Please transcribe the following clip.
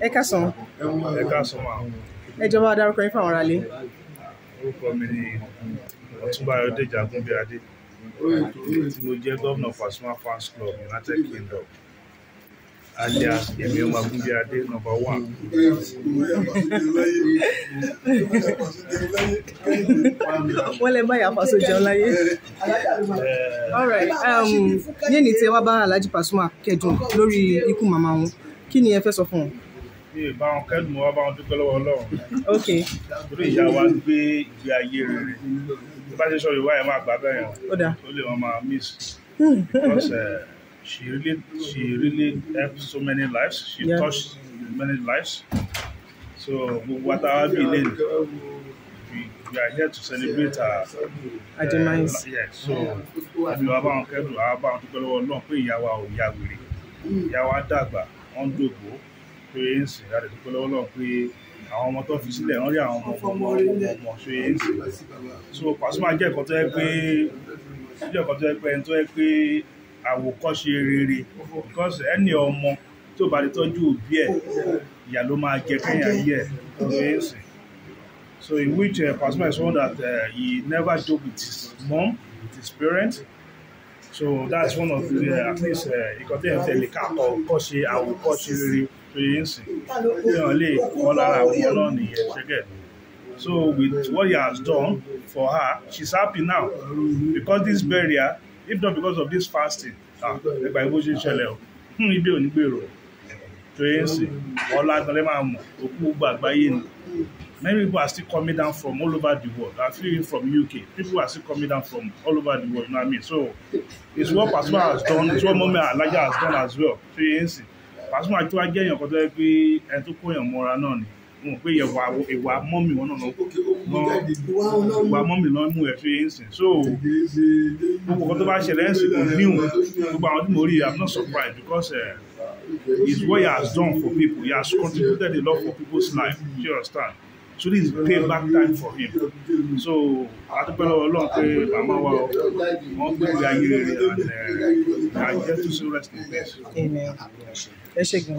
ẹ káàsán. ẹ káàsán ma. ẹ jọ̀wọ́ adarúkọ yín fáwọn aráalé. orúkọ mi ni ọ̀túnba ayọ̀dèjì agúnbíadé tí mo jẹ́ gómìnà Pasuma fans club united kingdom alias èmi ọmọ agúnbíadé number one. wọ́n lè báyà Paso jẹun láyé. Um, yéèní tí ẹ wá bá Alhaji Pasuma kẹ́dùn lórí ikú màmá wọn kí ni ẹ fẹ́ sọ fún wọn mi ì bá wọn bá wọn dúpẹ́ lọ́wọ́ ọlọ́run. ok. torí ìyá wa gbé ìgbé ayé rere bí bá ṣe sọ ìwà ẹ̀ máa gbà bẹ́ẹ̀ yẹn ó lè wọn máa miss hmm. because uh, she really she really helped so many lives she yeah. touched many lives so gbogbo àtàwọn bíi lè we are here to celebrate her. Eh, Ademise. Uh, yes so àbí wa bá wọn kẹ́dùn wa bá wọn dúpẹ́ lọ́wọ́ ọlọ́run pé ìyá wa ò yá wèrè ìyá wa dàgbà wọn dògbò ṣe é ń sìn láti dúpẹ́ lọ́wọ́ náà pé àwọn ọmọ tó fi sílẹ̀ wọ́n rí àwọn ọmọ ọmọ ọmọ ṣe ń sìn so Pasuma jẹ́ ẹ̀kọ́ tó yẹ pé jẹ́ ẹ̀kọ́ tó yẹ pé ẹni tó yẹ pé àwòkọ́ṣe rere because ẹni ọmọ tó bá lè tọ́jú òbí ẹ̀ ìyà ló máa jẹ kẹ́yìn ayé ẹ̀ ṣe ń sìn so in which uh, eh, Pasuma is one that uh, he never joke with his mom with his parents so that's one of the uh, at least ìkọ́tẹ́yìn káàkọ́ kọ́ àwòkọ́ṣe rere experience èèyàn lè kọ́ lára àwọn ọlọ́run nìyẹn ṣẹ́gẹ̀ so with what he has done for her she's happy now because this barrier, if not because of this fasting ẹgbàá ibo ṣe ṣẹlẹ̀ o hmm, ibi ò ní gbèrò experience ọlá many people are still coming down from all over the world i feel it from UK people are still coming down from all over the world you know what i mean so it's what Pastor has done it's what Mummy Alaja has done as well experience. So, Pasuma tó wá jẹ́ èèyàn kan tó yẹ pé ẹni tó kó èèyàn mọ́ra náà ni mo pé ìwà ìwà mọ́mì wọn náà ìwà mọ́mì náà mú ẹ̀ fi ń sìn so gbogbo kan tó bá ṣẹlẹ̀ ẹ̀ sìn kò níwò gbogbo àwọn tí mo rí I'm not surprised because uh, it's what he has done for people he has contributed a lot for people's life you understand so this is payback time for him so àdúpẹ́ lọ́wọ́ Ọlọ́run pé màmá wa wọ́n gbèrè ayé rẹ̀ and uh, I get to see rest in peace. ẹ ṣe gan.